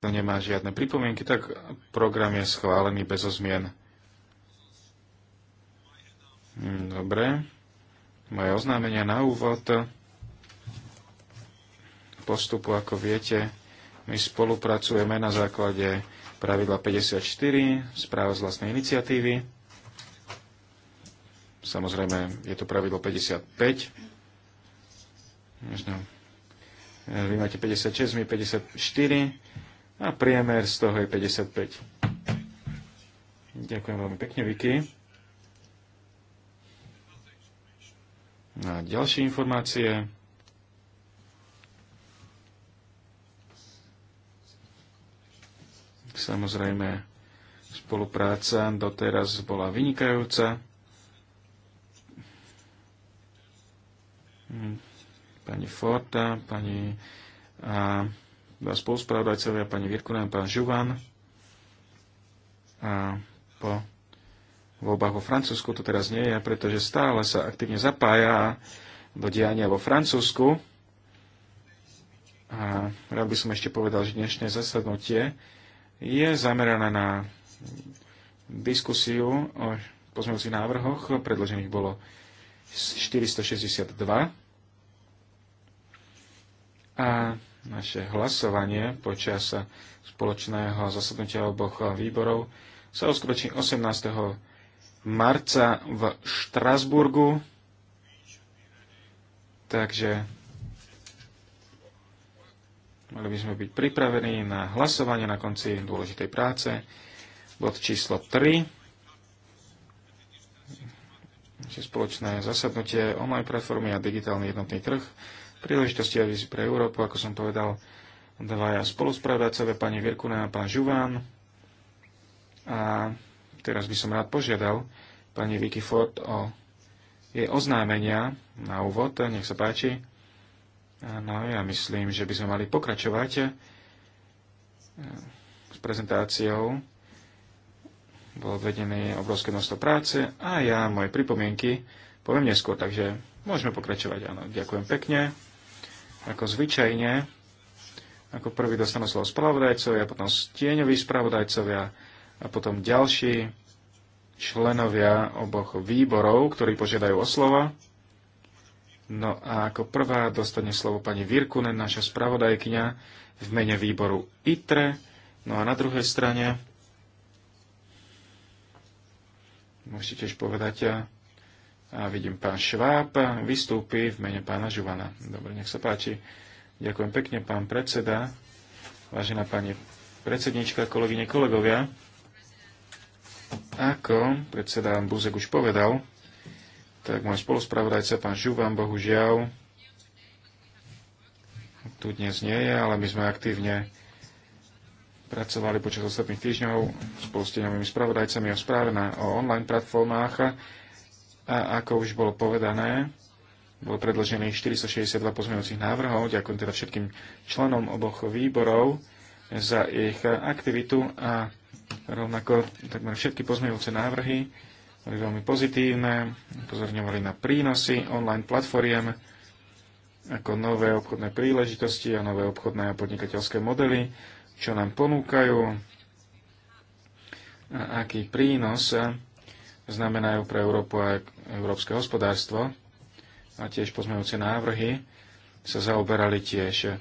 To nemá žiadne pripomienky, tak program je schválený bez zmien. Hm, dobre. Moje oznámenia na úvod postupu, ako viete, my spolupracujeme na základe pravidla 54, správa z vlastnej iniciatívy. Samozrejme, je to pravidlo 55. Možno eh, vy máte 56, my 54 a priemer z toho je 55. Ďakujem veľmi pekne, Vicky. A ďalšie informácie. Samozrejme, spolupráca doteraz bola vynikajúca. Hm, pani Forta, pani a dva spoluspravodajcovia, pani Virkunen a pán Žuvan. A po voľbách vo Francúzsku to teraz nie je, pretože stále sa aktívne zapája do diania vo Francúzsku. A rád by som ešte povedal, že dnešné zasadnutie je zamerané na diskusiu o pozmeňujúcich návrhoch. Predložených bolo 462. A naše hlasovanie počas spoločného zasadnutia oboch výborov sa uskutoční 18. marca v Štrasburgu. Takže mali by sme byť pripravení na hlasovanie na konci dôležitej práce. Bod číslo 3. Spoločné zasadnutie online platformy a digitálny jednotný trh príležitosti a vizi pre Európu, ako som povedal, dvaja spoluspravodajcovia, pani Virkuna a pán Žuván. A teraz by som rád požiadal pani Vicky Ford o jej oznámenia na úvod, nech sa páči. No, ja myslím, že by sme mali pokračovať eh, s prezentáciou. Bolo vedené obrovské množstvo práce a ja moje pripomienky poviem neskôr, takže môžeme pokračovať. Áno, ďakujem pekne ako zvyčajne, ako prvý dostanú slovo spravodajcovia, potom stieňoví spravodajcovia a potom ďalší členovia oboch výborov, ktorí požiadajú o slovo. No a ako prvá dostane slovo pani Virkunen, naša spravodajkyňa v mene výboru ITRE. No a na druhej strane môžete tiež povedať, a vidím, pán Šváb vystúpi v mene pána Žuvana. Dobre, nech sa páči. Ďakujem pekne, pán predseda, vážená pani predsednička, kolegyne, kolegovia. Ako predseda Buzek už povedal, tak môj spoluspravodajca, pán Žuvan, bohužiaľ, tu dnes nie je, ale my sme aktívne pracovali počas ostatných týždňov spolu s tieňovými spravodajcami o správe na, o online platformách a ako už bolo povedané, bolo predložených 462 pozmeňujúcich návrhov. Ďakujem teda všetkým členom oboch výborov za ich aktivitu a rovnako takmer všetky pozmeňujúce návrhy boli veľmi pozitívne, upozorňovali na prínosy online platformiem ako nové obchodné príležitosti a nové obchodné a podnikateľské modely, čo nám ponúkajú a aký prínos znamenajú pre Európu a európske hospodárstvo. A tiež pozmejúce návrhy sa zaoberali tiež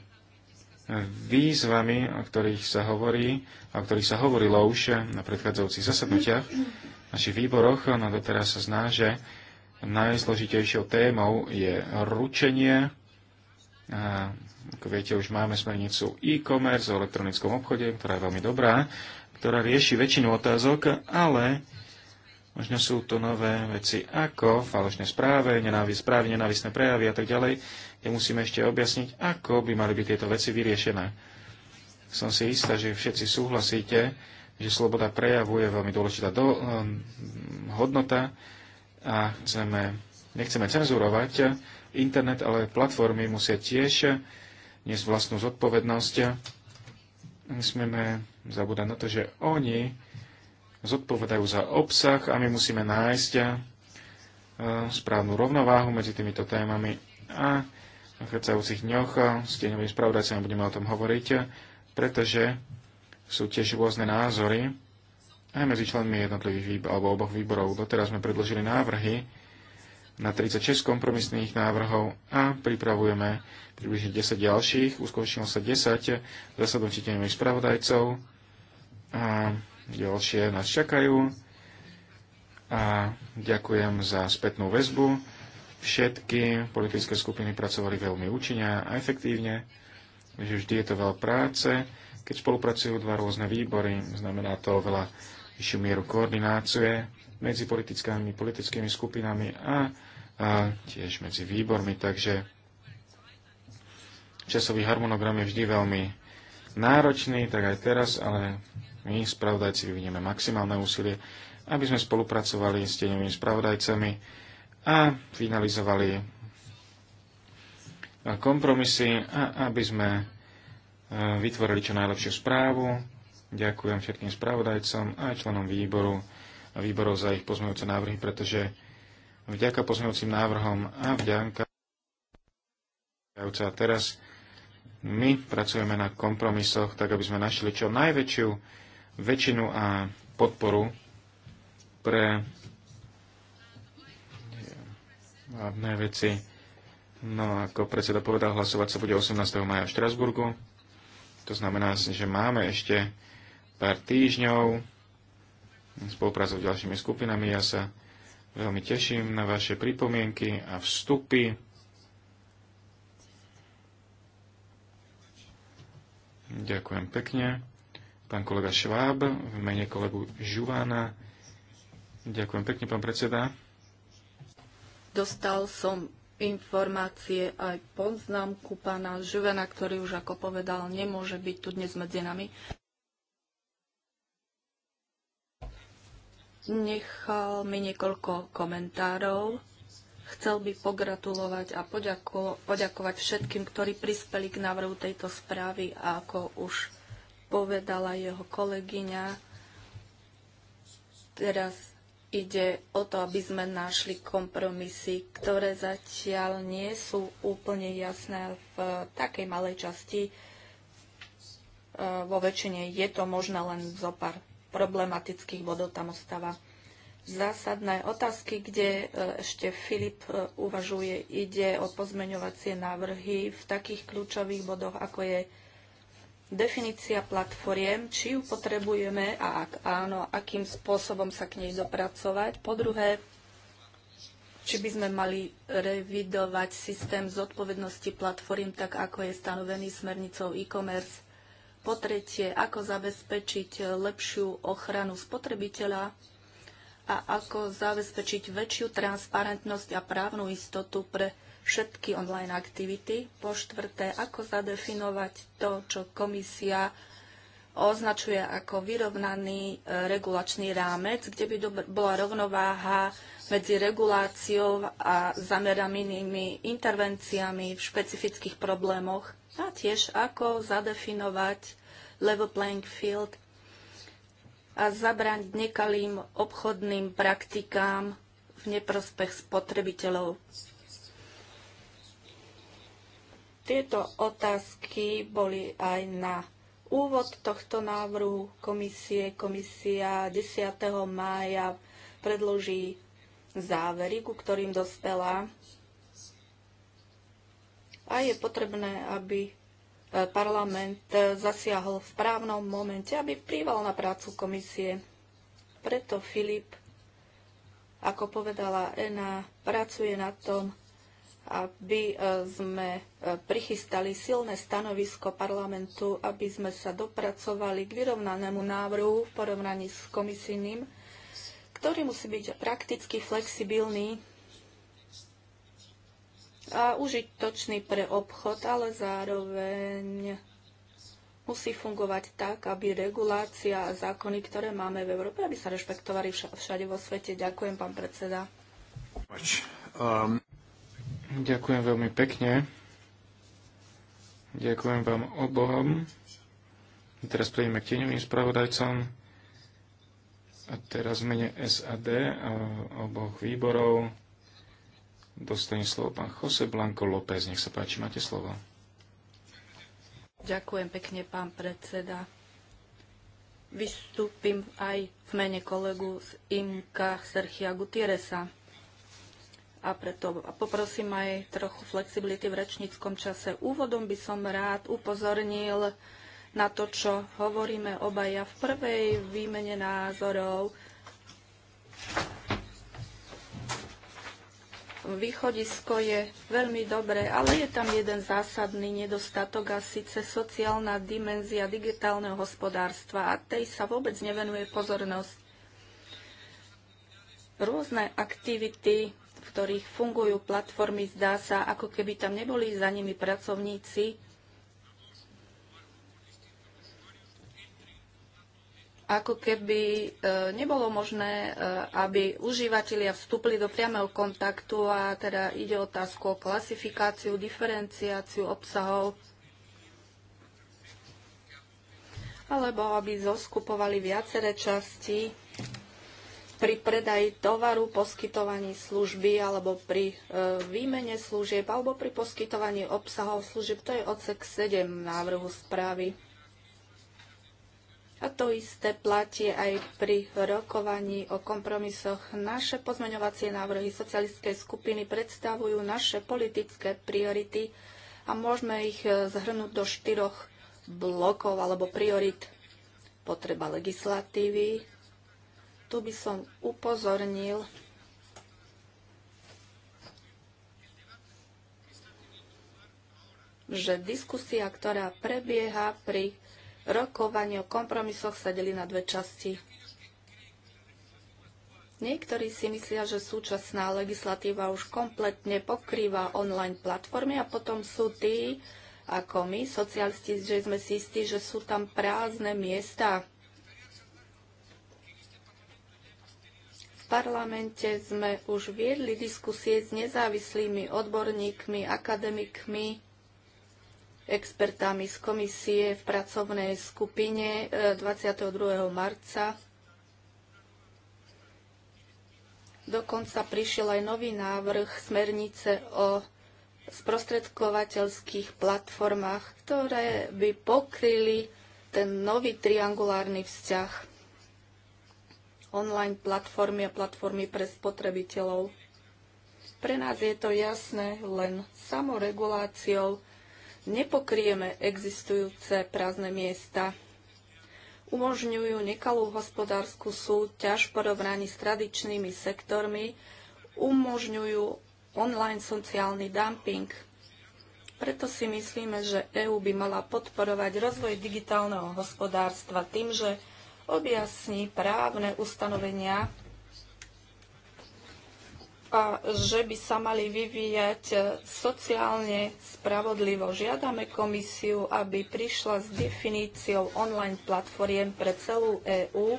výzvami, o ktorých sa hovorí, o ktorých sa hovorilo už na predchádzajúcich zasadnutiach v našich výboroch. No doteraz sa zná, že najzložitejšou témou je ručenie. A, ako viete, už máme smernicu e-commerce o elektronickom obchode, ktorá je veľmi dobrá, ktorá rieši väčšinu otázok, ale Možno sú to nové veci ako falošné správe, nenávist, správy, nenávisné prejavy a tak ďalej, kde musíme ešte objasniť, ako by mali byť tieto veci vyriešené. Som si istá, že všetci súhlasíte, že sloboda prejavu je veľmi dôležitá do, um, hodnota a chceme, nechceme cenzurovať internet, ale platformy musia tiež niesť vlastnú zodpovednosť. Nesmieme zabúdať na to, že oni zodpovedajú za obsah a my musíme nájsť eh, správnu rovnováhu medzi týmito témami a v chádzajúcich dňoch s tieňovým spravodajcami budeme o tom hovoriť, pretože sú tiež rôzne názory aj medzi členmi jednotlivých výbor, alebo oboch výborov. Doteraz sme predložili návrhy na 36 kompromisných návrhov a pripravujeme približne 10 ďalších. Uskončilo sa 10 zasadnutí tieňových spravodajcov a ďalšie nás čakajú a ďakujem za spätnú väzbu. Všetky politické skupiny pracovali veľmi účinne a efektívne, že vždy je to veľa práce. Keď spolupracujú dva rôzne výbory, znamená to veľa vyššiu mieru koordinácie medzi politickými, politickými skupinami a, a tiež medzi výbormi, takže časový harmonogram je vždy veľmi náročný, tak aj teraz, ale my, spravodajci, vyvinieme maximálne úsilie, aby sme spolupracovali s tieňovými spravodajcami a finalizovali kompromisy a aby sme e, vytvorili čo najlepšiu správu. Ďakujem všetkým spravodajcom a členom výboru a výborov za ich pozmejúce návrhy, pretože vďaka pozmejúcim návrhom a vďaka a teraz my pracujeme na kompromisoch, tak aby sme našli čo najväčšiu väčšinu a podporu pre hlavné veci. No, ako predseda povedal, hlasovať sa bude 18. maja v Štrasburgu. To znamená, že máme ešte pár týždňov spoluprácu s ďalšími skupinami. Ja sa veľmi teším na vaše pripomienky a vstupy. Ďakujem pekne pán kolega Šváb, v mene kolegu Žuvána. Ďakujem pekne, pán predseda. Dostal som informácie aj poznámku pána Žuvena, ktorý už ako povedal, nemôže byť tu dnes medzi nami. Nechal mi niekoľko komentárov. Chcel by pogratulovať a poďako, poďakovať všetkým, ktorí prispeli k návrhu tejto správy a ako už povedala jeho kolegyňa. Teraz ide o to, aby sme našli kompromisy, ktoré zatiaľ nie sú úplne jasné v takej malej časti. E, vo väčšine je to možno len zo pár problematických bodov tam ostáva zásadné otázky, kde e, ešte Filip e, uvažuje, ide o pozmeňovacie návrhy v takých kľúčových bodoch, ako je definícia platformiem, či ju potrebujeme a ak áno, akým spôsobom sa k nej dopracovať. Po druhé, či by sme mali revidovať systém zodpovednosti platform tak, ako je stanovený smernicou e-commerce. Po tretie, ako zabezpečiť lepšiu ochranu spotrebiteľa a ako zabezpečiť väčšiu transparentnosť a právnu istotu pre všetky online aktivity. Po štvrté, ako zadefinovať to, čo komisia označuje ako vyrovnaný e, regulačný rámec, kde by bola rovnováha medzi reguláciou a zameranými intervenciami v špecifických problémoch a tiež ako zadefinovať level playing field a zabrať nekalým obchodným praktikám v neprospech spotrebiteľov. Tieto otázky boli aj na úvod tohto návrhu komisie. Komisia 10. mája predloží závery, ku ktorým dospela. A je potrebné, aby e, parlament e, zasiahol v právnom momente, aby prival na prácu komisie. Preto Filip, ako povedala Ena, pracuje na tom, aby e, sme e, prichystali silné stanovisko parlamentu, aby sme sa dopracovali k vyrovnanému návrhu v porovnaní s komisijným, ktorý musí byť prakticky flexibilný a užitočný pre obchod, ale zároveň musí fungovať tak, aby regulácia a zákony, ktoré máme v Európe, aby sa rešpektovali všade vo svete. Ďakujem, pán predseda. Um, Ďakujem veľmi pekne. Ďakujem vám obom. Teraz prejdeme k tieňovým spravodajcom. A teraz v mene SAD a oboch výborov dostane slovo pán Jose Blanco López. Nech sa páči, máte slovo. Ďakujem pekne, pán predseda. Vystúpim aj v mene kolegu z IMKA Serchia Gutieresa a preto poprosím aj trochu flexibility v rečníckom čase. Úvodom by som rád upozornil na to, čo hovoríme obaja v prvej výmene názorov. Východisko je veľmi dobré, ale je tam jeden zásadný nedostatok a síce sociálna dimenzia digitálneho hospodárstva a tej sa vôbec nevenuje pozornosť. Rôzne aktivity ktorých fungujú platformy, zdá sa, ako keby tam neboli za nimi pracovníci. ako keby e, nebolo možné, e, aby užívateľia vstúpili do priameho kontaktu a teda ide otázku o klasifikáciu, diferenciáciu obsahov alebo aby zoskupovali viaceré časti pri predaji tovaru, poskytovaní služby alebo pri e, výmene služieb alebo pri poskytovaní obsahov služieb. To je odsek 7 návrhu správy. A to isté platí aj pri rokovaní o kompromisoch. Naše pozmeňovacie návrhy socialistickej skupiny predstavujú naše politické priority a môžeme ich e, zhrnúť do štyroch blokov alebo priorit. Potreba legislatívy, tu by som upozornil že diskusia, ktorá prebieha pri rokovaní o kompromisoch, sa delí na dve časti. Niektorí si myslia, že súčasná legislatíva už kompletne pokrýva online platformy a potom sú tí, ako my, socialisti, že sme si istí, že sú tam prázdne miesta parlamente sme už viedli diskusie s nezávislými odborníkmi, akademikmi, expertami z komisie v pracovnej skupine 22. E, marca. Dokonca prišiel aj nový návrh smernice o sprostredkovateľských platformách, ktoré by pokryli ten nový triangulárny vzťah online platformy a platformy pre spotrebiteľov. Pre nás je to jasné, len samoreguláciou nepokrieme existujúce prázdne miesta. Umožňujú nekalú hospodárskú súťaž v porovnaní s tradičnými sektormi, umožňujú online sociálny dumping. Preto si myslíme, že EÚ by mala podporovať rozvoj digitálneho hospodárstva tým, že objasní právne ustanovenia a že by sa mali vyvíjať sociálne spravodlivo. Žiadame komisiu, aby prišla s definíciou online platformiem pre celú EÚ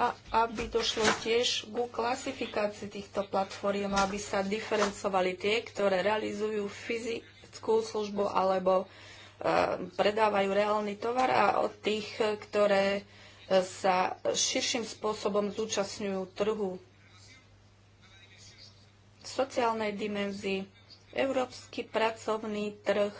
a aby došlo tiež ku klasifikácii týchto platformiem, aby sa diferencovali tie, ktoré realizujú fyzickú službu alebo predávajú reálny tovar a od tých, ktoré sa širším spôsobom zúčastňujú trhu. V sociálnej dimenzii európsky pracovný trh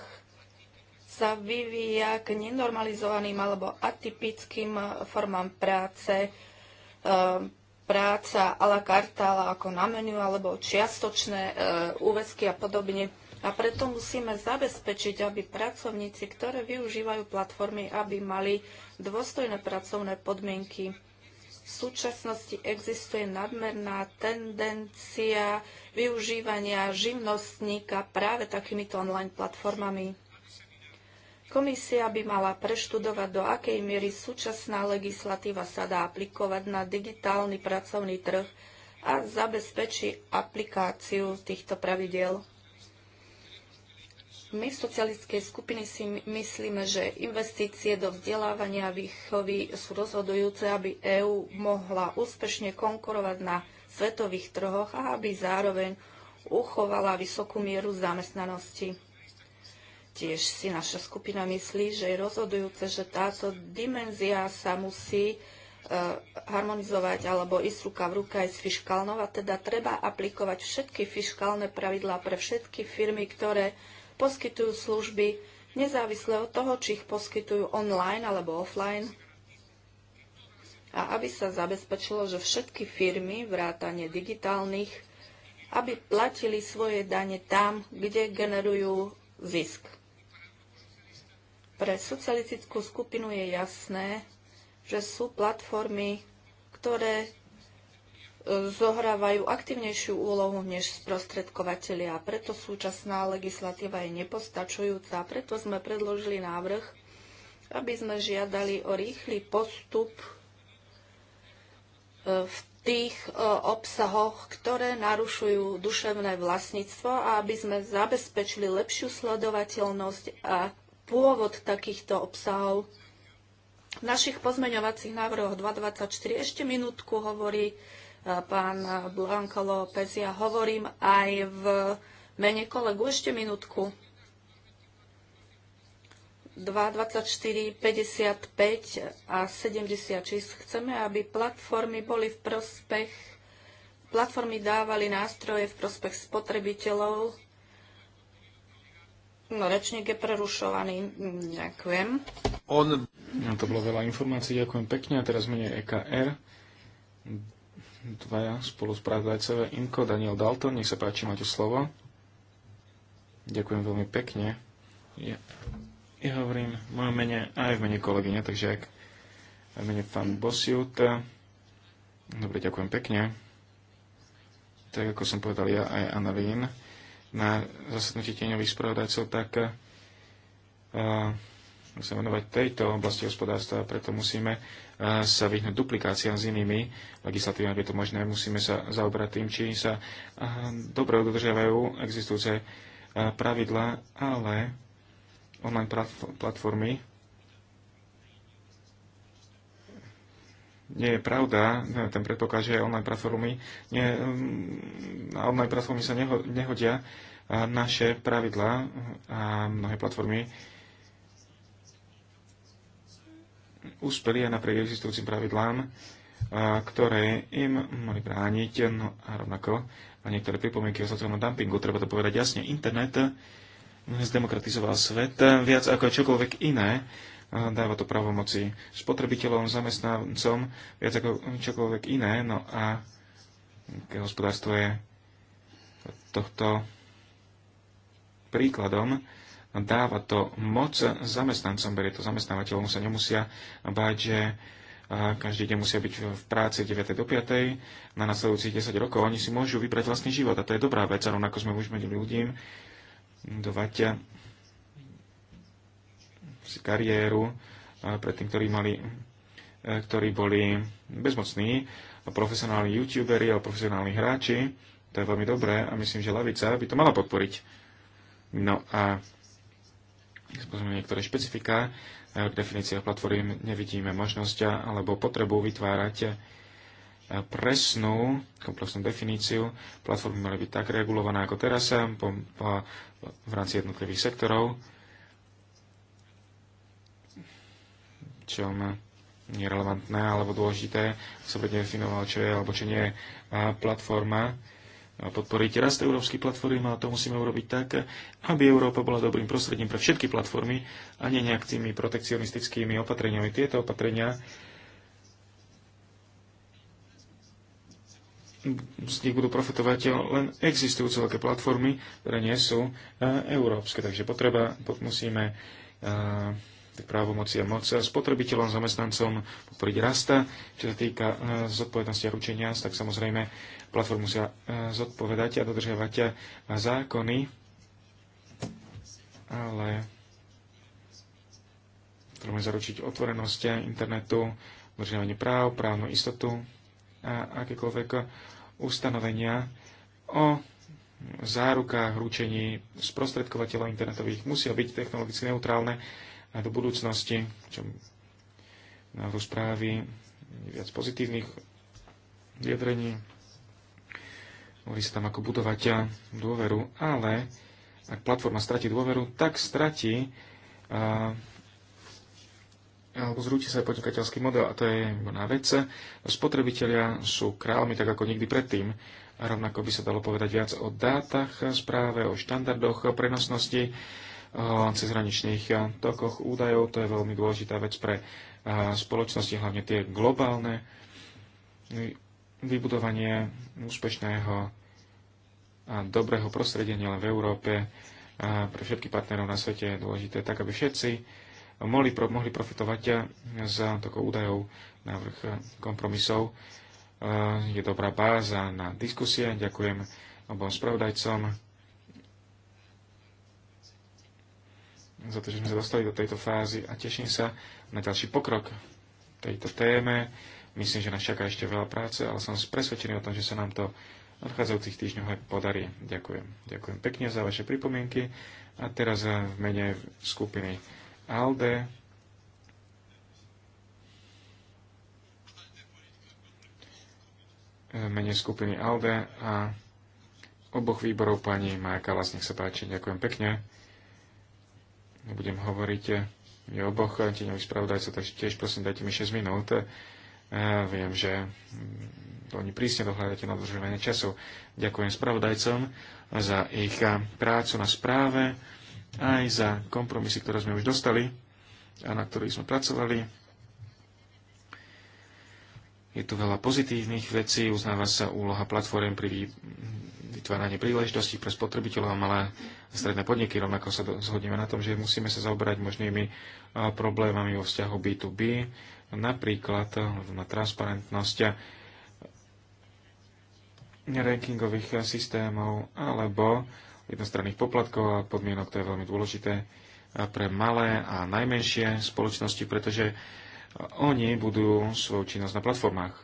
sa vyvíja k nenormalizovaným alebo atypickým formám práce, ehm, práca a la carte, ako na menu, alebo čiastočné ehm, úväzky a podobne. A preto musíme zabezpečiť, aby pracovníci, ktoré využívajú platformy, aby mali dôstojné pracovné podmienky. V súčasnosti existuje nadmerná tendencia využívania živnostníka práve takýmito online platformami. Komisia by mala preštudovať, do akej miery súčasná legislatíva sa dá aplikovať na digitálny pracovný trh a zabezpečí aplikáciu týchto pravidiel. My v socialistickej skupiny si myslíme, že investície do vzdelávania a výchovy sú rozhodujúce, aby EÚ mohla úspešne konkurovať na svetových trhoch a aby zároveň uchovala vysokú mieru zamestnanosti. Tiež si naša skupina myslí, že je rozhodujúce, že táto dimenzia sa musí e, harmonizovať alebo ísť ruka v ruka aj s fiškálnou a teda treba aplikovať všetky fiškálne pravidlá pre všetky firmy, ktoré poskytujú služby nezávisle od toho, či ich poskytujú online alebo offline. A aby sa zabezpečilo, že všetky firmy, vrátane digitálnych, aby platili svoje dane tam, kde generujú zisk. Pre socialistickú skupinu je jasné, že sú platformy, ktoré zohrávajú aktívnejšiu úlohu než sprostredkovateľia. A preto súčasná legislatíva je nepostačujúca. Preto sme predložili návrh, aby sme žiadali o rýchly postup e, v tých e, obsahoch, ktoré narušujú duševné vlastníctvo a aby sme zabezpečili lepšiu sledovateľnosť a pôvod takýchto obsahov. V našich pozmeňovacích návrhoch 224 ešte minútku hovorí, pán Blanco López. Ja hovorím aj v mene kolegu. Ešte minútku. 2, 24, 55 a 76. Chceme, aby platformy boli v prospech, platformy dávali nástroje v prospech spotrebiteľov. No, rečník je prerušovaný. Ďakujem. On... No, to bolo veľa informácií, ďakujem pekne. A teraz menej EKR dvaja spoluspravodajcovia Inko, Daniel Dalton, nech sa páči, máte slovo. Ďakujem veľmi pekne. Ja, ja hovorím v mojom mene aj v mene kolegyne, takže ak v mene pán Bosiut. Dobre, ďakujem pekne. Tak ako som povedal ja aj Annalín na zasadnutí tieňových spravodajcov, tak uh, musíme venovať tejto oblasti hospodárstva a preto musíme sa vyhnúť duplikáciám s inými legislatívami, aby to možné, musíme sa zaobrať tým, či sa dobre dodržiavajú existujúce pravidlá, ale online platformy nie je pravda, ten predpoklad, že online platformy, nie, na mm, online platformy sa nehodia naše pravidlá a mnohé platformy úspeli aj napriek existujúcim pravidlám, ktoré im mali brániť. No a rovnako a niektoré pripomienky o sociálnom dumpingu, treba to povedať jasne. Internet zdemokratizoval svet viac ako čokoľvek iné. Dáva to pravomoci spotrebiteľom, zamestnancom, viac ako čokoľvek iné. No a hospodárstvo je tohto príkladom dáva to moc zamestnancom, berie to zamestnávateľom, sa nemusia báť, že každý deň musia byť v práci 9. do 5. na nasledujúcich 10 rokov. Oni si môžu vybrať vlastný život a to je dobrá vec, rovnako sme už medzi ľudím dovať si kariéru pre tým, ktorí, mali, ktorí boli bezmocní, profesionálni youtuberi alebo profesionálni hráči. To je veľmi dobré a myslím, že Lavica by to mala podporiť. No a spôsobom niektoré špecifiká e, v definíciách platformy nevidíme možnosť alebo potrebu vytvárať e, presnú, komplexnú definíciu. Platformy mali byť tak regulované ako teraz e, po, po, v rámci jednotlivých sektorov, Čo je relevantné alebo dôležité, sa definovalo, čo je alebo čo nie je platforma podporiť rast európskych platformy no a to musíme urobiť tak, aby Európa bola dobrým prostredím pre všetky platformy a nie nejak tými protekcionistickými opatreniami. Tieto opatrenia z nich budú profitovať len existujúce veľké platformy, ktoré nie sú e, európske. Takže potreba, musíme e, právomoci a moc spotrebiteľom, zamestnancom podporiť rasta. Čo sa týka e, zodpovednosti a ručenia, tak samozrejme platform musia e, zodpovedať a dodržiavať a zákony, ale treba zaručiť otvorenosť internetu, dodržiavanie práv, právnu istotu a akékoľvek ustanovenia o zárukách ručení sprostredkovateľov internetových musia byť technologicky neutrálne aj do budúcnosti, čo to správy viac pozitívnych vyjadrení. Hovorí sa tam ako budovať dôveru, ale ak platforma stratí dôveru, tak stratí a, alebo zrúti sa aj podnikateľský model a to je na vec. Spotrebitelia sú kráľmi tak ako nikdy predtým. A rovnako by sa dalo povedať viac o dátach, správe, o štandardoch, prenosnosti, o eh, cezhraničných eh, tokoch údajov. To je veľmi dôležitá vec pre eh, spoločnosti, hlavne tie globálne. Vybudovanie úspešného a dobrého prostredia nielen v Európe, a pre všetkých partnerov na svete je dôležité tak, aby všetci mohli, mohli profitovať z toko údajov, návrh kompromisov. Je dobrá báza na diskusie. Ďakujem obom spravodajcom za to, že sme sa dostali do tejto fázy a teším sa na ďalší pokrok tejto téme. Myslím, že nás čaká ešte veľa práce, ale som presvedčený o tom, že sa nám to v odchádzajúcich týždňoch aj podarí. Ďakujem. Ďakujem pekne za vaše pripomienky. A teraz eh, v mene skupiny ALDE. Eh, v mene skupiny ALDE a oboch výborov pani Majka Kalas, sa páči. Ďakujem pekne. Budem hovoriť eh, je oboch tieňových spravodajcov, takže tiež prosím, dajte mi 6 minút. Ja eh, viem, že mm, oni prísne dohľadáte na dlžovanie času. Ďakujem spravodajcom za ich eh, prácu na správe, aj za kompromisy, ktoré sme už dostali a na ktorých sme pracovali je tu veľa pozitívnych vecí, uznáva sa úloha platform pri vytváraní príležitostí pre spotrebiteľov a malé a stredné podniky. Rovnako sa zhodneme na tom, že musíme sa zaoberať možnými problémami vo vzťahu B2B, napríklad na transparentnosť rankingových systémov alebo jednostranných poplatkov a podmienok, to je veľmi dôležité pre malé a najmenšie spoločnosti, pretože oni budujú svoju činnosť na platformách.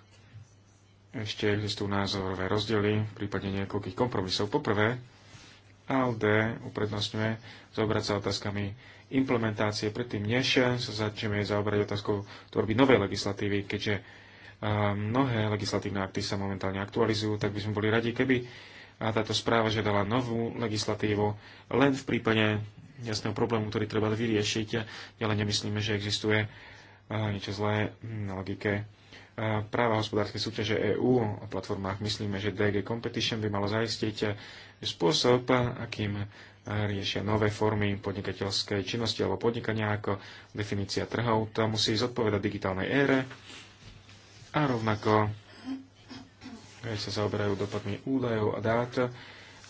Ešte existujú názorové rozdiely v prípade niekoľkých kompromisov. Poprvé, ALD uprednostňuje zaobrať sa otázkami implementácie predtým, než sa začneme zaoberať otázkou tvorby novej legislatívy, keďže eh, mnohé legislatívne akty sa momentálne aktualizujú, tak by sme boli radi, keby eh, táto správa žiadala novú legislatívu len v prípade jasného problému, ktorý treba vyriešiť. ale nemyslíme, že existuje niečo zlé hm, na logike práva hospodárskej súťaže EÚ o platformách. Myslíme, že DG Competition by malo zaistiť eh, spôsob, eh, akým eh, riešia nové formy podnikateľskej činnosti alebo podnikania ako definícia trhov. To musí zodpovedať digitálnej ére a rovnako keď sa zaoberajú dopadmi údajov a dát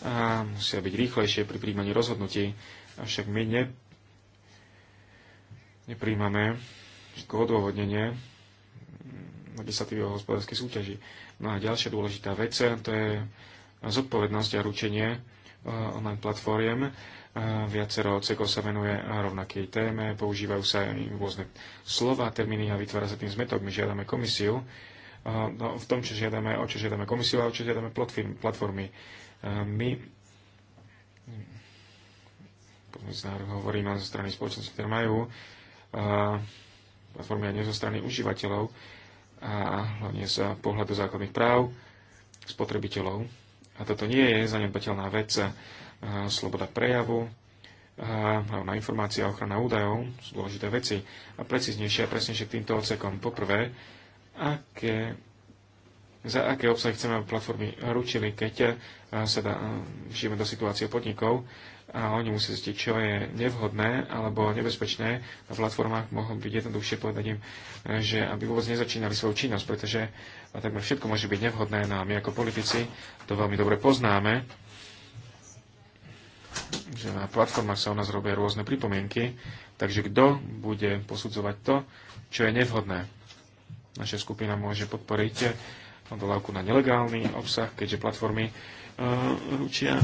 a musia byť rýchlejšie pri príjmaní rozhodnutí. Avšak my ne, nepríjmame odôvodnenie mm, legislatívy o hospodárskej súťaži. No a ďalšia dôležitá vec, eh, to je zodpovednosť a ručenie eh, online platformiem. Eh, viacero odsekov sa venuje rovnakej téme, používajú sa aj rôzne slova, termíny a vytvára sa tým zmetok. My žiadame komisiu, no, v tom, čo žiadame, o čo žiadame komisiu a o čo žiadame platformy. My mm, návrh hovoríme zo strany spoločnosti, ktoré majú platformy a nie zo strany užívateľov a hlavne z pohľadu základných práv spotrebiteľov. A toto nie je zanedbateľná vec. Sloboda prejavu, hlavná informácia a ochrana údajov sú dôležité veci. A preciznejšie a presnejšie k týmto odsekom. Poprvé, aké za aké obsahy chceme, aby platformy ručili, keď sa da, žijeme do situácie podnikov, a oni musia zistiť, čo je nevhodné alebo nebezpečné na platformách, mohol byť jednoduchšie povedať im, že aby vôbec nezačínali svoju činnosť, pretože takmer všetko môže byť nevhodné no a my ako politici to veľmi dobre poznáme, že na platformách sa o nás robia rôzne pripomienky, takže kto bude posudzovať to, čo je nevhodné. Naša skupina môže podporiť eh, odvolávku na nelegálny obsah, keďže platformy ručia,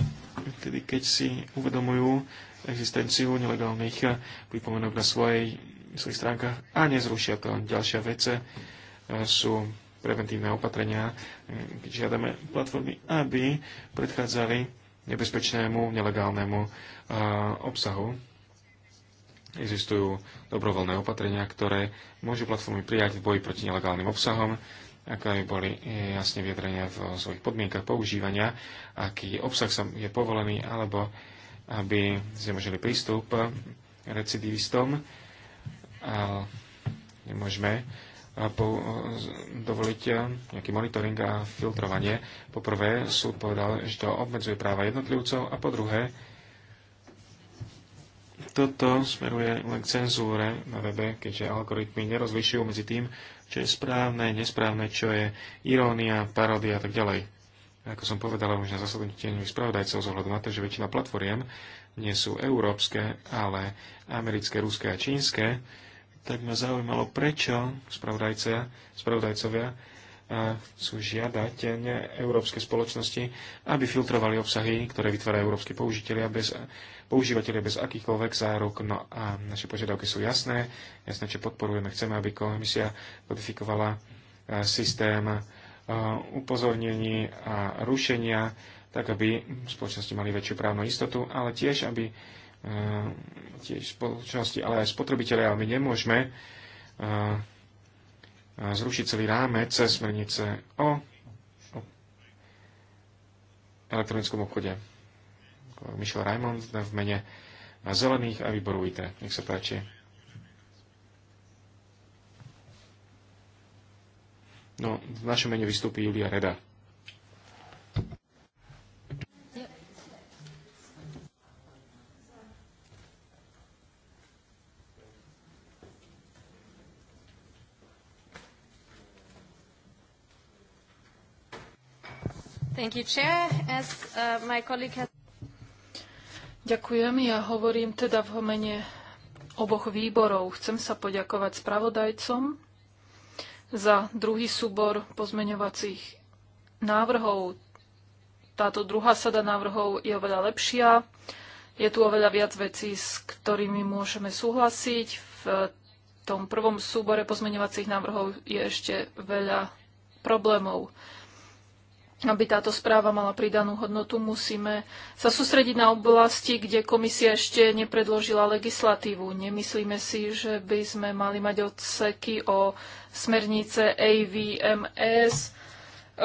tedy keď si uvedomujú existenciu nelegálnych pripomenok na svojej, svojich stránkach a nezrušia to. Ďalšia vec e, sú preventívne opatrenia, e, keď žiadame platformy, aby predchádzali nebezpečnému, nelegálnemu e, obsahu. Existujú dobrovoľné opatrenia, ktoré môžu platformy prijať v boji proti nelegálnym obsahom ako boli e, jasne vyjadrenia v svojich podmienkach používania, aký obsah sa je povolený, alebo aby znemožili prístup recidivistom. A nemôžeme dovoliť e, nejaký monitoring a filtrovanie. Poprvé súd povedal, že to obmedzuje práva jednotlivcov a po druhé, toto smeruje len k cenzúre na webe, keďže algoritmy nerozlišujú medzi tým, čo je správne, nesprávne, čo je irónia, paródia a tak ďalej. Ako som povedal už na zasadnutí spravodajcov z ohľadu na to, že väčšina platformiem nie sú európske, ale americké, ruské a čínske, tak ma zaujímalo, prečo spravodajcovia sú žiadať európske spoločnosti, aby filtrovali obsahy, ktoré vytvárajú európske použiteľia bez, používateľia bez akýchkoľvek zárok. No a naše požiadavky sú jasné, jasné, čo podporujeme. Chceme, aby komisia kodifikovala e, systém e, upozornení a rušenia, tak aby spoločnosti mali väčšiu právnu istotu, ale tiež, aby e, tiež spoločnosti, ale aj spotrebitelia, ale my nemôžeme zrušiť celý rámec smernice o, o elektronickom obchode. Michel Raymond v mene zelených a výboru ITRE. Nech sa páči. No, v našom mene vystúpi Julia Reda. Thank you, Chair. As, uh, my colleague has... Ďakujem. Ja hovorím teda v mene oboch výborov. Chcem sa poďakovať spravodajcom za druhý súbor pozmeňovacích návrhov. Táto druhá sada návrhov je oveľa lepšia. Je tu oveľa viac vecí, s ktorými môžeme súhlasiť. V tom prvom súbore pozmeňovacích návrhov je ešte veľa problémov aby táto správa mala pridanú hodnotu, musíme sa sústrediť na oblasti, kde komisia ešte nepredložila legislatívu. Nemyslíme si, že by sme mali mať odseky o smernice AVMS,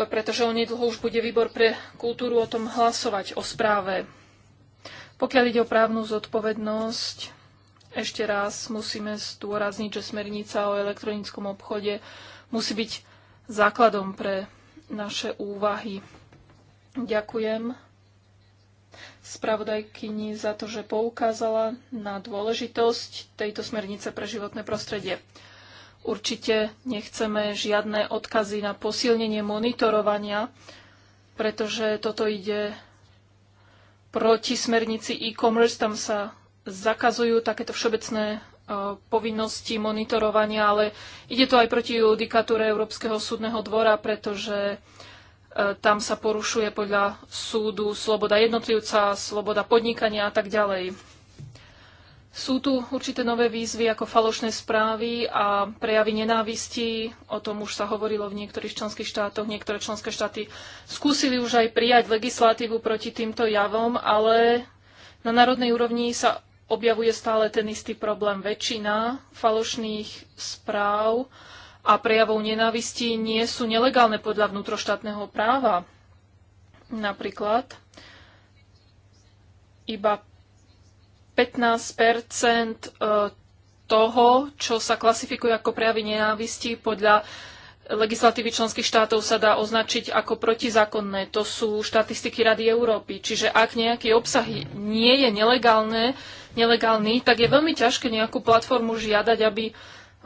pretože nedlho už bude výbor pre kultúru o tom hlasovať, o správe. Pokiaľ ide o právnu zodpovednosť, ešte raz musíme zdôrazniť, že smernica o elektronickom obchode musí byť základom pre naše úvahy. Ďakujem spravodajkyni za to, že poukázala na dôležitosť tejto smernice pre životné prostredie. Určite nechceme žiadne odkazy na posilnenie monitorovania, pretože toto ide proti smernici e-commerce. Tam sa zakazujú takéto všeobecné E, povinnosti monitorovania, ale ide to aj proti judikatúre Európskeho súdneho dvora, pretože e, tam sa porušuje podľa súdu sloboda jednotlivca, sloboda podnikania a tak ďalej. Sú tu určité nové výzvy ako falošné správy a prejavy nenávisti. O tom už sa hovorilo v niektorých členských štátoch. Niektoré členské štáty skúsili už aj prijať legislatívu proti týmto javom, ale na národnej úrovni sa objavuje stále ten istý problém. Väčšina falošných správ a prejavov nenávistí nie sú nelegálne podľa vnútroštátneho práva. Napríklad iba 15 e, toho, čo sa klasifikuje ako prejavy nenávisti podľa legislatívy členských štátov sa dá označiť ako protizákonné. To sú štatistiky Rady Európy. Čiže ak nejaký obsah nie je nelegálne, nelegálny, tak je veľmi ťažké nejakú platformu žiadať, aby eh,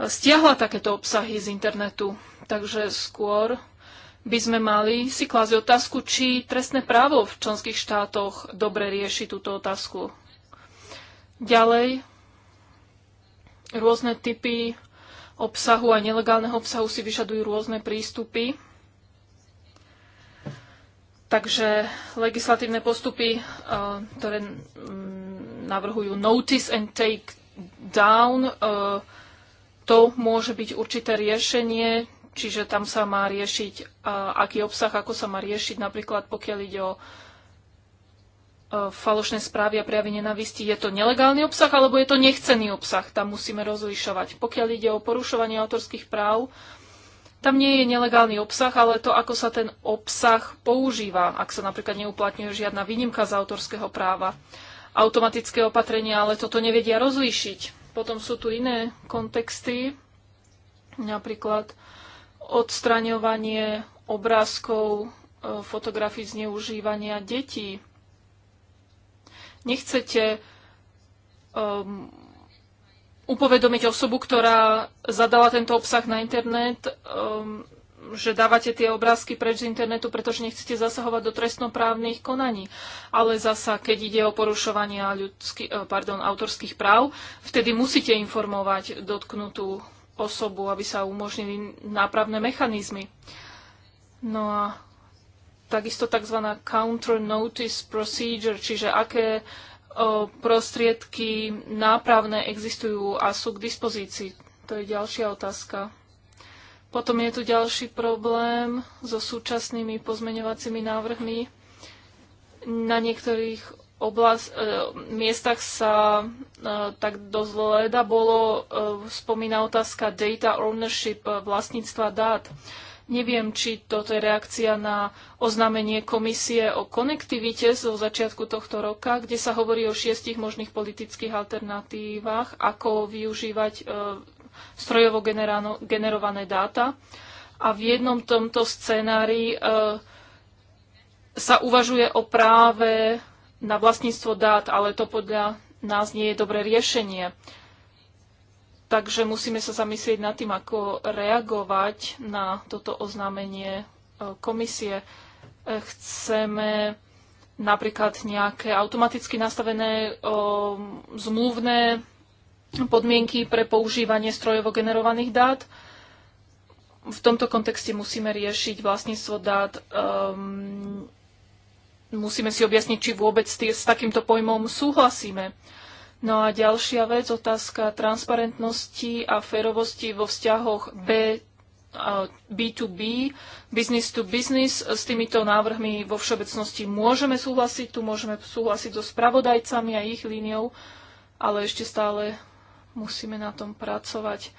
stiahla takéto obsahy z internetu. Takže skôr by sme mali si klásť otázku, či trestné právo v členských štátoch dobre rieši túto otázku. Ďalej, rôzne typy obsahu a nelegálneho obsahu si vyžadujú rôzne prístupy. Takže legislatívne postupy, eh, ktoré mm, navrhujú notice and take down, eh, to môže byť určité riešenie, čiže tam sa má riešiť, eh, aký obsah, ako sa má riešiť, napríklad pokiaľ ide o E, falošné správy a prejavy nenavisti, je to nelegálny obsah alebo je to nechcený obsah. Tam musíme rozlišovať. Pokiaľ ide o porušovanie autorských práv, tam nie je nelegálny obsah, ale to, ako sa ten obsah používa, ak sa napríklad neuplatňuje žiadna výnimka z autorského práva. Automatické opatrenia, ale toto nevedia rozlíšiť. Potom sú tu iné kontexty, napríklad odstraňovanie obrázkov, e, fotografií zneužívania detí, Nechcete um, upovedomiť osobu, ktorá zadala tento obsah na internet, um, že dávate tie obrázky preč z internetu, pretože nechcete zasahovať do trestnoprávnych konaní. Ale zasa, keď ide o porušovanie ľudský, eh, pardon, autorských práv, vtedy musíte informovať dotknutú osobu, aby sa umožnili nápravné mechanizmy. No a takisto tzv. counter notice procedure, čiže aké o, prostriedky nápravné existujú a sú k dispozícii. To je ďalšia otázka. Potom je tu ďalší problém so súčasnými pozmeňovacími návrhmi. Na niektorých oblast, e, miestach sa e, tak dosť leda bolo e, spomína otázka data ownership, e, vlastníctva dát. E, Neviem, či toto je reakcia na oznámenie komisie o konektivite zo začiatku tohto roka, kde sa hovorí o šiestich možných politických alternatívach, ako využívať e, strojovo generáno, generované dáta. A v jednom tomto scenári e, sa uvažuje o práve na vlastníctvo dát, ale to podľa nás nie je dobré riešenie. Takže musíme sa zamyslieť nad tým, ako reagovať na toto oznámenie e, komisie. E, chceme napríklad nejaké automaticky nastavené o, e, zmluvné podmienky pre používanie strojovo generovaných dát. V tomto kontexte musíme riešiť vlastníctvo dát. Um, musíme si objasniť, či vôbec tý, s takýmto pojmom súhlasíme. No a ďalšia vec, otázka transparentnosti a férovosti vo vzťahoch B, B2B, business to business. S týmito návrhmi vo všeobecnosti môžeme súhlasiť, tu môžeme súhlasiť so spravodajcami a ich líniou, ale ešte stále musíme na tom pracovať,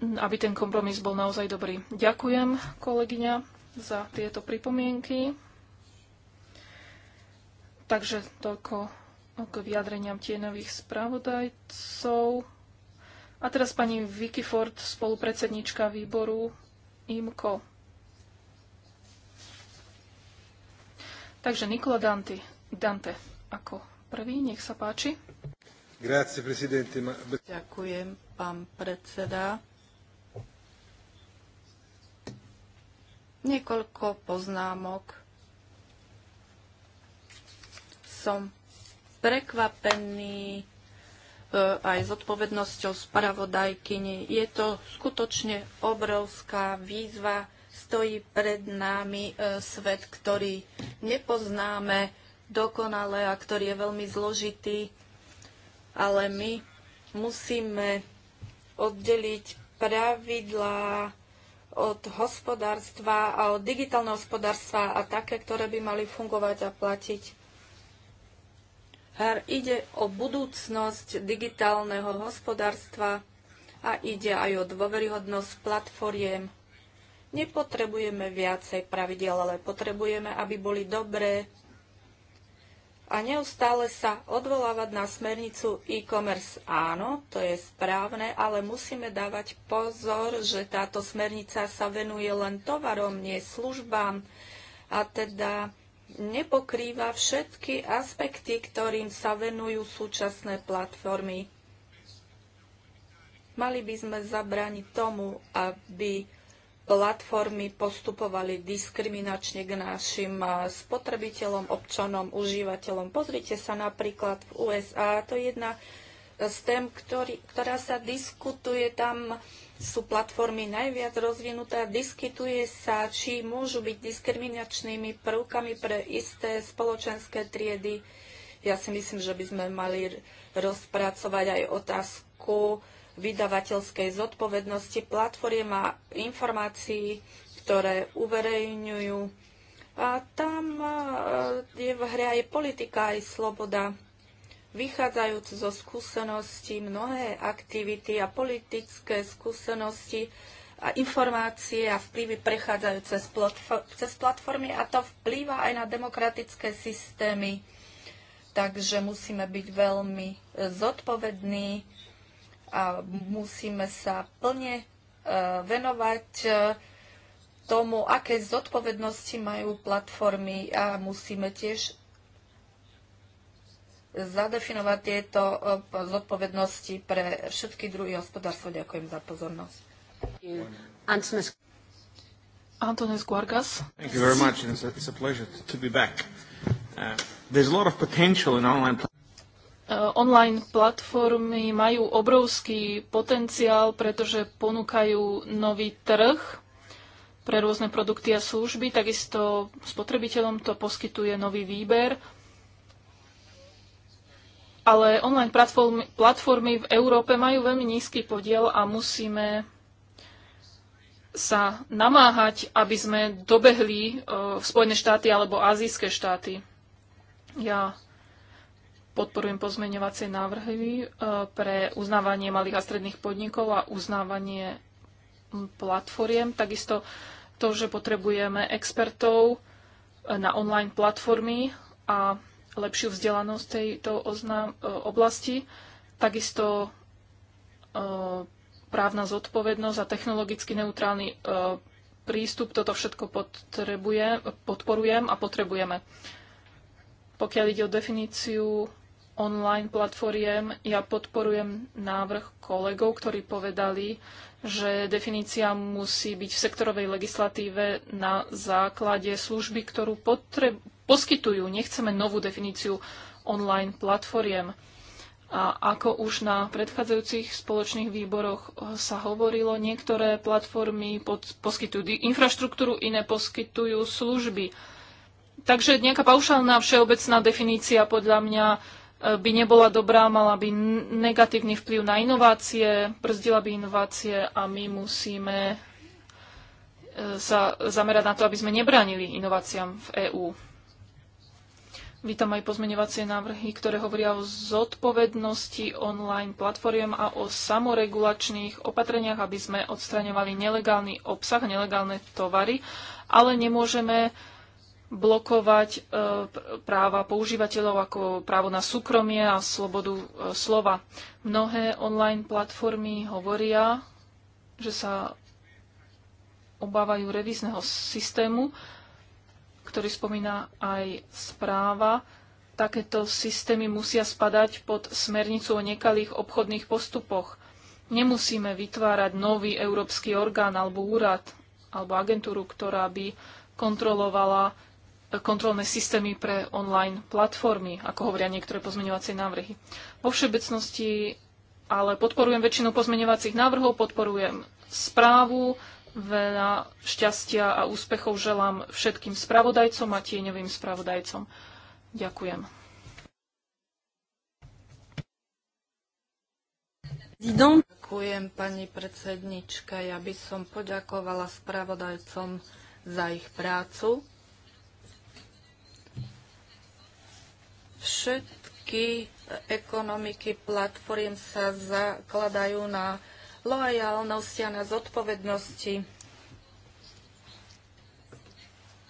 aby ten kompromis bol naozaj dobrý. Ďakujem, kolegyňa, za tieto pripomienky. Takže toľko k vyjadreniam tieňových spravodajcov. A teraz pani Vicky Ford, spolupredsednička výboru IMCO. Takže Nikola Dante, Dante ako prvý, nech sa páči. Grazie, presidente. Ďakujem, pán predseda. Niekoľko poznámok som prekvapený e, aj s odpovednosťou spravodajkyni. Je to skutočne obrovská výzva, stojí pred nami e, svet, ktorý nepoznáme dokonale a ktorý je veľmi zložitý, ale my musíme oddeliť pravidlá od hospodárstva a od digitálneho hospodárstva a také, ktoré by mali fungovať a platiť her ide o budúcnosť digitálneho hospodárstva a ide aj o dôveryhodnosť platformiem. Nepotrebujeme viacej pravidel, ale potrebujeme, aby boli dobré a neustále sa odvolávať na smernicu e-commerce. Áno, to je správne, ale musíme dávať pozor, že táto smernica sa venuje len tovarom, nie službám. A teda nepokrýva všetky aspekty, ktorým sa venujú súčasné platformy. Mali by sme zabrániť tomu, aby platformy postupovali diskriminačne k našim spotrebiteľom, občanom, užívateľom. Pozrite sa napríklad v USA, to je jedna z tém, ktorý, ktorá sa diskutuje tam sú platformy najviac rozvinuté a diskutuje sa, či môžu byť diskriminačnými prvkami pre isté spoločenské triedy. Ja si myslím, že by sme mali rozpracovať aj otázku vydavateľskej zodpovednosti platformiem a informácií, ktoré uverejňujú. A tam je v hre aj politika, aj sloboda Vychádzajúc zo skúseností, mnohé aktivity a politické skúsenosti a informácie a vplyvy prechádzajú cez, cez platformy a to vplýva aj na demokratické systémy. Takže musíme byť veľmi e, zodpovední a musíme sa plne e, venovať e, tomu, aké zodpovednosti majú platformy a musíme tiež zadefinovať tieto e, zodpovednosti pre všetky druhy hospodárstva. Ďakujem za pozornosť. Antones Guargas. Thank you very much. it's a, it's a pleasure to be back. Uh, there's a lot of potential in online e, Online platformy majú obrovský potenciál, pretože ponúkajú nový trh pre rôzne produkty a služby. Takisto spotrebiteľom to poskytuje nový výber ale online platformy, platformy v Európe majú veľmi nízky podiel a musíme sa namáhať, aby sme dobehli uh, Spojené štáty alebo azijské štáty. Ja podporujem pozmeňovacie návrhy uh, pre uznávanie malých a stredných podnikov a uznávanie platformiem. Takisto to, že potrebujeme expertov e, na online platformy a lepšiu vzdelanosť tejto oznám, e, oblasti, takisto e, právna zodpovednosť a technologicky neutrálny e, prístup, toto všetko potrebuje, podporujem a potrebujeme. Pokiaľ ide o definíciu online platformiem, ja podporujem návrh kolegov, ktorí povedali, že definícia musí byť v sektorovej legislatíve na základe služby, ktorú potre- poskytujú. Nechceme novú definíciu online platformiem. A ako už na predchádzajúcich spoločných výboroch sa hovorilo, niektoré platformy pod, poskytujú infraštruktúru, iné poskytujú služby. Takže nejaká paušálna všeobecná definícia podľa mňa e, by nebola dobrá, mala by negatívny vplyv na inovácie, brzdila by inovácie a my musíme e, sa zamerať na to, aby sme nebránili inováciám v EÚ. Vítam aj pozmeňovacie návrhy, ktoré hovoria o zodpovednosti online platformiem a o samoregulačných opatreniach, aby sme odstraňovali nelegálny obsah, nelegálne tovary, ale nemôžeme blokovať e, práva používateľov ako právo na súkromie a slobodu e, slova. Mnohé online platformy hovoria, že sa obávajú revízneho systému ktorý spomína aj správa, takéto systémy musia spadať pod smernicu o nekalých obchodných postupoch. Nemusíme vytvárať nový európsky orgán alebo úrad alebo agentúru, ktorá by kontrolovala eh, kontrolné systémy pre online platformy, ako hovoria niektoré pozmeňovacie návrhy. Vo všeobecnosti ale podporujem väčšinu pozmeňovacích návrhov, podporujem správu, Veľa šťastia a úspechov želám všetkým spravodajcom a tieňovým spravodajcom. Ďakujem. Ďakujem, pani predsednička. Ja by som poďakovala spravodajcom za ich prácu. Všetky ekonomiky platform sa zakladajú na lojalnosti a na zodpovednosti.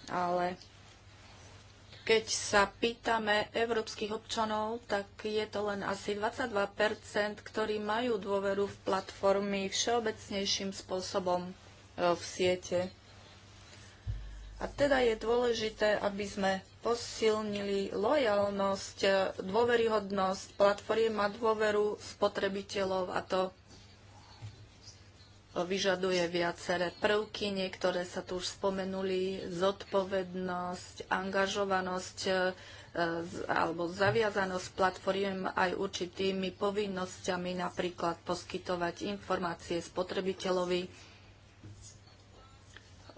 Ale keď sa pýtame európskych občanov, tak je to len asi 22%, ktorí majú dôveru v platformy všeobecnejším spôsobom e, v siete. A teda je dôležité, aby sme posilnili lojalnosť, dôveryhodnosť platform a dôveru spotrebiteľov a to vyžaduje viaceré prvky, niektoré sa tu už spomenuli, zodpovednosť, angažovanosť e, alebo zaviazanosť platformiem aj určitými povinnosťami, napríklad poskytovať informácie spotrebiteľovi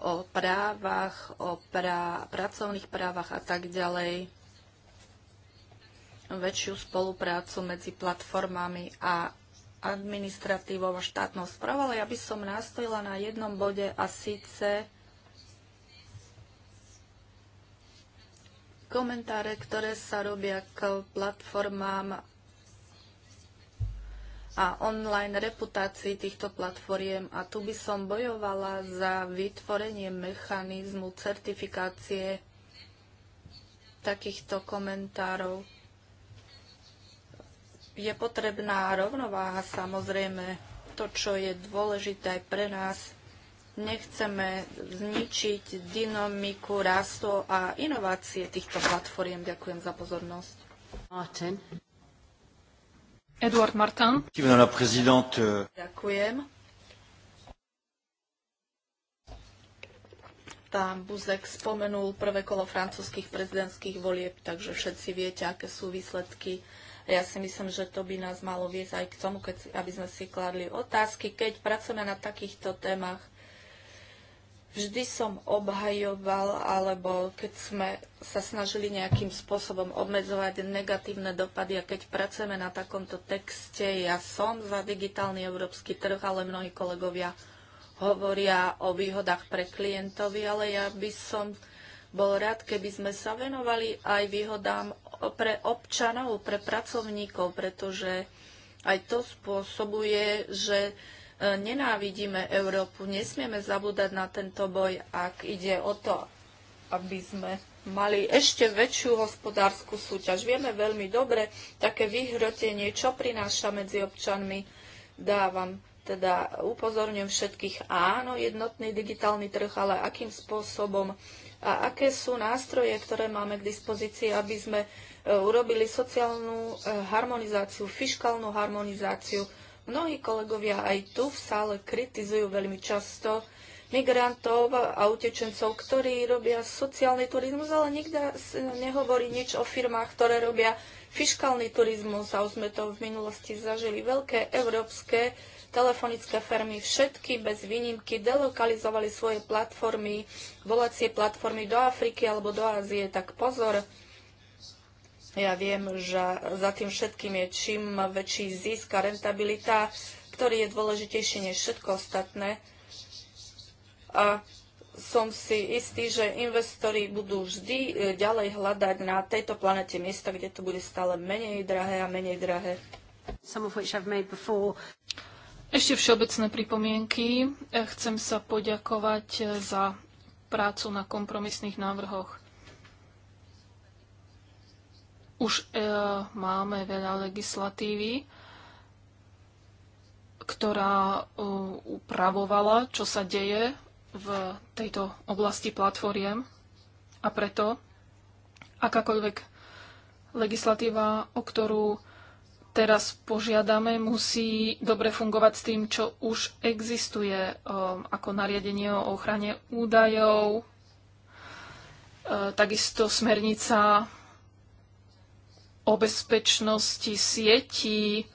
o právach, o pra- pracovných právach a tak ďalej väčšiu spoluprácu medzi platformami a administratívou a štátnou správou, ale ja by som nastojila na jednom bode a síce komentáre, ktoré sa robia k platformám a online reputácii týchto platformiem. A tu by som bojovala za vytvorenie mechanizmu certifikácie takýchto komentárov je potrebná rovnováha samozrejme. To, čo je dôležité aj pre nás, nechceme zničiť dynamiku rastu a inovácie týchto platform. Ďakujem za pozornosť. Martin. Edward Martin. Ďakujem. Pán Buzek spomenul prvé kolo francúzských prezidentských volieb, takže všetci viete, aké sú výsledky ja si myslím, že to by nás malo viesť aj k tomu, keď, aby sme si kladli otázky, keď pracujeme na takýchto témach vždy som obhajoval, alebo keď sme sa snažili nejakým spôsobom obmedzovať negatívne dopady a keď pracujeme na takomto texte, ja som za digitálny európsky trh, ale mnohí kolegovia hovoria o výhodách pre klientovi, ale ja by som bol rád, keby sme sa venovali aj výhodám pre občanov, pre pracovníkov, pretože aj to spôsobuje, že e, nenávidíme Európu. Nesmieme zabúdať na tento boj, ak ide o to, aby sme mali ešte väčšiu hospodárskú súťaž. Vieme veľmi dobre, také vyhrotenie, čo prináša medzi občanmi. Dávam teda upozorňujem všetkých, áno, jednotný digitálny trh, ale akým spôsobom a aké sú nástroje, ktoré máme k dispozícii, aby sme e, urobili sociálnu e, harmonizáciu, fiskálnu harmonizáciu. Mnohí kolegovia aj tu v sále kritizujú veľmi často migrantov a utečencov, ktorí robia sociálny turizmus, ale nikto nehovorí nič o firmách, ktoré robia fiskálny turizmus. A už sme to v minulosti zažili veľké európske telefonické firmy všetky bez výnimky delokalizovali svoje platformy, volacie platformy do Afriky alebo do Ázie, tak pozor. Ja viem, že za tým všetkým je čím väčší zisk a rentabilita, ktorý je dôležitejší než všetko ostatné. A som si istý, že investori budú vždy e, ďalej hľadať na tejto planete miesta, kde to bude stále menej drahé a menej drahé. Ešte všeobecné pripomienky. E, chcem sa poďakovať e, za prácu na kompromisných návrhoch. Už e, máme veľa legislatívy, ktorá e, upravovala, čo sa deje v tejto oblasti platformiem a preto akákoľvek legislatíva, o ktorú teraz požiadame, musí dobre fungovať s tým, čo už existuje, um, ako nariadenie o ochrane údajov, uh, takisto smernica o bezpečnosti sietí,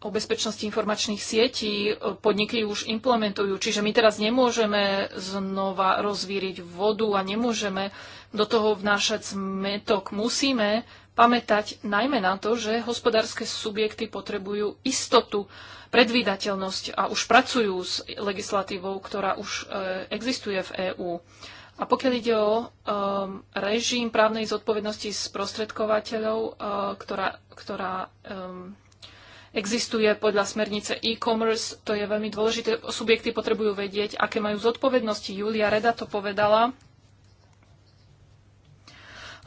o bezpečnosti informačných sietí uh, podniky už implementujú. Čiže my teraz nemôžeme znova rozvíriť vodu a nemôžeme do toho vnášať zmetok. Musíme pamätať najmä na to, že hospodárske subjekty potrebujú istotu, predvídateľnosť a už pracujú s legislatívou, ktorá už e, existuje v EÚ. A pokiaľ ide o um, režim právnej zodpovednosti sprostredkovateľov, uh, ktorá, ktorá um, existuje podľa smernice e-commerce, to je veľmi dôležité. Subjekty potrebujú vedieť, aké majú zodpovednosti. Julia Reda to povedala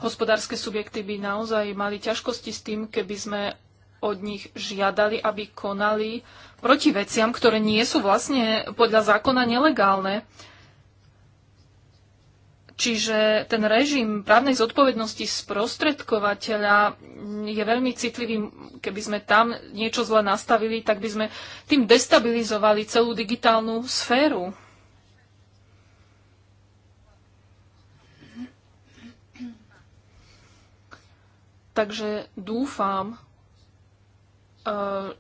hospodárske subjekty by naozaj mali ťažkosti s tým, keby sme od nich žiadali, aby konali proti veciam, ktoré nie sú vlastne podľa zákona nelegálne. Čiže ten režim právnej zodpovednosti sprostredkovateľa je veľmi citlivý. Keby sme tam niečo zle nastavili, tak by sme tým destabilizovali celú digitálnu sféru. Takže dúfam, e,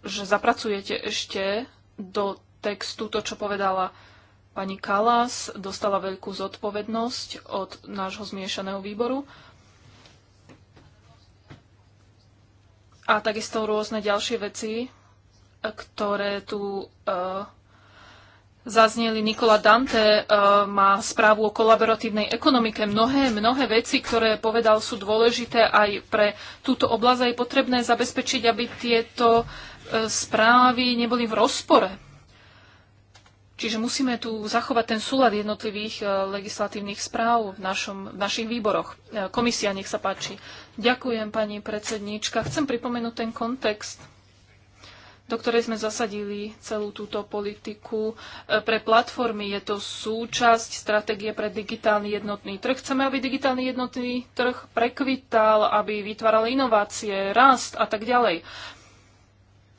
že zapracujete ešte do textu to, čo povedala pani Kalas. Dostala veľkú zodpovednosť od nášho zmiešaného výboru. A takisto rôzne ďalšie veci, ktoré tu e, zazneli. Nikola Dante e, má správu o kolaboratívnej ekonomike. Mnohé, mnohé veci, ktoré povedal, sú dôležité aj pre túto oblasť a je potrebné zabezpečiť, aby tieto e, správy neboli v rozpore. Čiže musíme tu zachovať ten súlad jednotlivých e, legislatívnych správ v, našom, v našich výboroch. Komisia, nech sa páči. Ďakujem, pani predsedníčka. Chcem pripomenúť ten kontext do ktorej sme zasadili celú túto politiku. E, pre platformy je to súčasť stratégie pre digitálny jednotný trh. Chceme, aby digitálny jednotný trh prekvital, aby vytváral inovácie, rast a tak ďalej.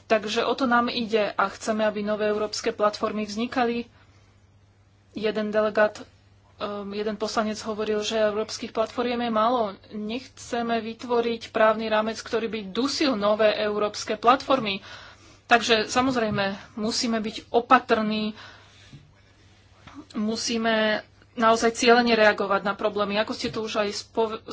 Takže o to nám ide a chceme, aby nové európske platformy vznikali. Jeden delegát um, jeden poslanec hovoril, že európskych platform je málo. Nechceme vytvoriť právny rámec, ktorý by dusil nové európske platformy. Takže samozrejme, musíme byť opatrní, musíme naozaj cieľene reagovať na problémy, ako ste to už aj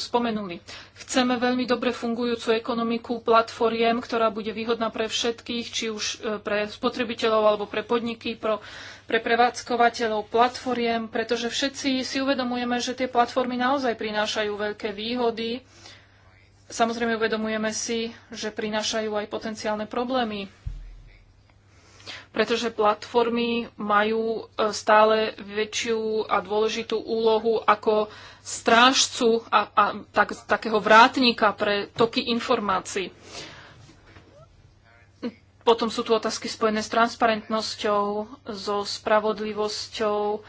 spomenuli. Chceme veľmi dobre fungujúcu ekonomiku platformiem, ktorá bude výhodná pre všetkých, či už e, pre spotrebiteľov alebo pre podniky, pro, pre prevádzkovateľov platformiem, pretože všetci si uvedomujeme, že tie platformy naozaj prinášajú veľké výhody. Samozrejme uvedomujeme si, že prinášajú aj potenciálne problémy pretože platformy majú e, stále väčšiu a dôležitú úlohu ako strážcu a, a tak, takého vrátnika pre toky informácií. Potom sú tu otázky spojené s transparentnosťou, so spravodlivosťou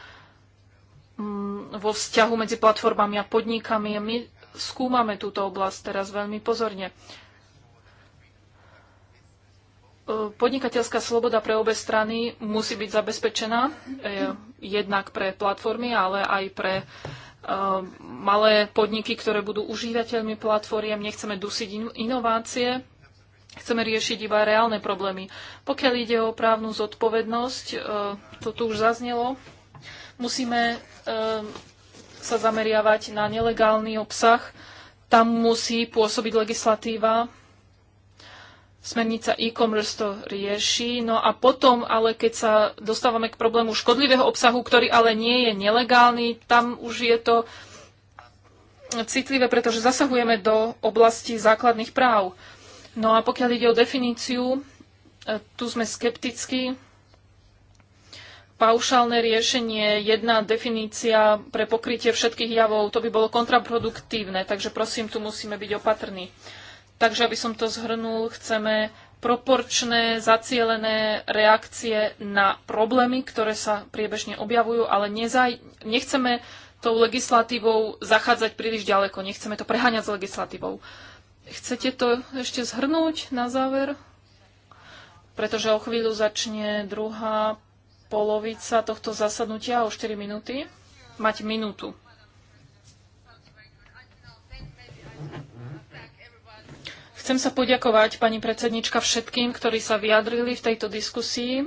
mm, vo vzťahu medzi platformami a podnikami. My skúmame túto oblasť teraz veľmi pozorne. E, podnikateľská sloboda pre obe strany musí byť zabezpečená e, jednak pre platformy, ale aj pre e, malé podniky, ktoré budú užívateľmi platformiem. Nechceme dusiť inovácie, chceme riešiť iba reálne problémy. Pokiaľ ide o právnu zodpovednosť, to tu už zaznelo, musíme sa zameriavať na nelegálny obsah. Tam musí pôsobiť legislatíva Smernica e-commerce to rieši. No a potom, ale keď sa dostávame k problému škodlivého obsahu, ktorý ale nie je nelegálny, tam už je to citlivé, pretože zasahujeme do oblasti základných práv. No a pokiaľ ide o definíciu, e, tu sme skeptickí. Paušálne riešenie, jedna definícia pre pokrytie všetkých javov, to by bolo kontraproduktívne, takže prosím, tu musíme byť opatrní. Takže aby som to zhrnul, chceme proporčné, zacielené reakcie na problémy, ktoré sa priebežne objavujú, ale nezaj, nechceme tou legislatívou zachádzať príliš ďaleko, nechceme to preháňať s legislatívou. Chcete to ešte zhrnúť na záver? Pretože o chvíľu začne druhá polovica tohto zasadnutia o 4 minúty. Mať minútu. Chcem sa poďakovať, pani predsednička, všetkým, ktorí sa vyjadrili v tejto diskusii. E,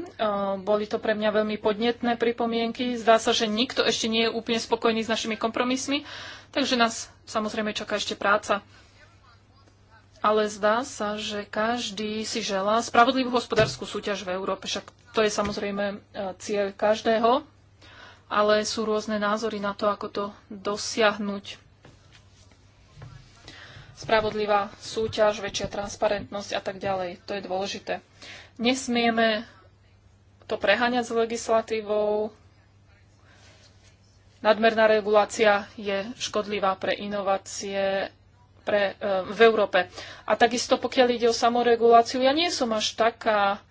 boli to pre mňa veľmi podnetné pripomienky. Zdá sa, že nikto ešte nie je úplne spokojný s našimi kompromismi, takže nás samozrejme čaká ešte práca. Ale zdá sa, že každý si želá spravodlivú hospodárskú súťaž v Európe. Však to je samozrejme e, cieľ každého, ale sú rôzne názory na to, ako to dosiahnuť spravodlivá súťaž, väčšia transparentnosť a tak ďalej. To je dôležité. Nesmieme to preháňať s legislatívou. Nadmerná regulácia je škodlivá pre inovácie pre, e, v Európe. A takisto, pokiaľ ide o samoreguláciu, ja nie som až taká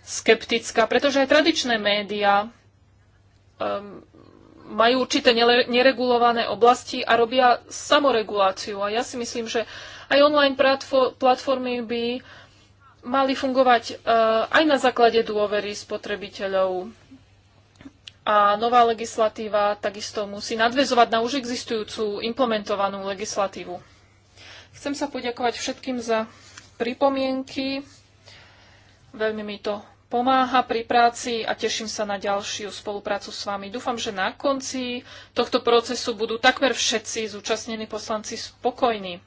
skeptická, pretože aj tradičné médiá majú určité neregulované oblasti a robia samoreguláciu. A ja si myslím, že aj online platformy by mali fungovať e, aj na základe dôvery spotrebiteľov. A nová legislatíva takisto musí nadvezovať na už existujúcu implementovanú legislatívu. Chcem sa poďakovať všetkým za pripomienky. Veľmi mi to pomáha pri práci a teším sa na ďalšiu spoluprácu s vami. Dúfam, že na konci tohto procesu budú takmer všetci zúčastnení poslanci spokojní.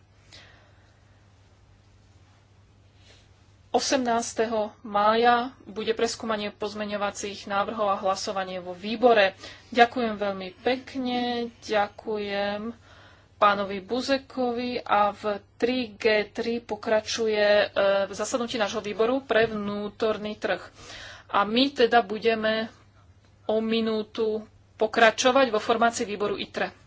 18. mája bude preskúmanie pozmeňovacích návrhov a hlasovanie vo výbore. Ďakujem veľmi pekne, ďakujem pánovi Buzekovi a v 3G3 pokračuje e, v zasadnutí nášho výboru pre vnútorný trh. A my teda budeme o minútu pokračovať vo formácii výboru ITRE.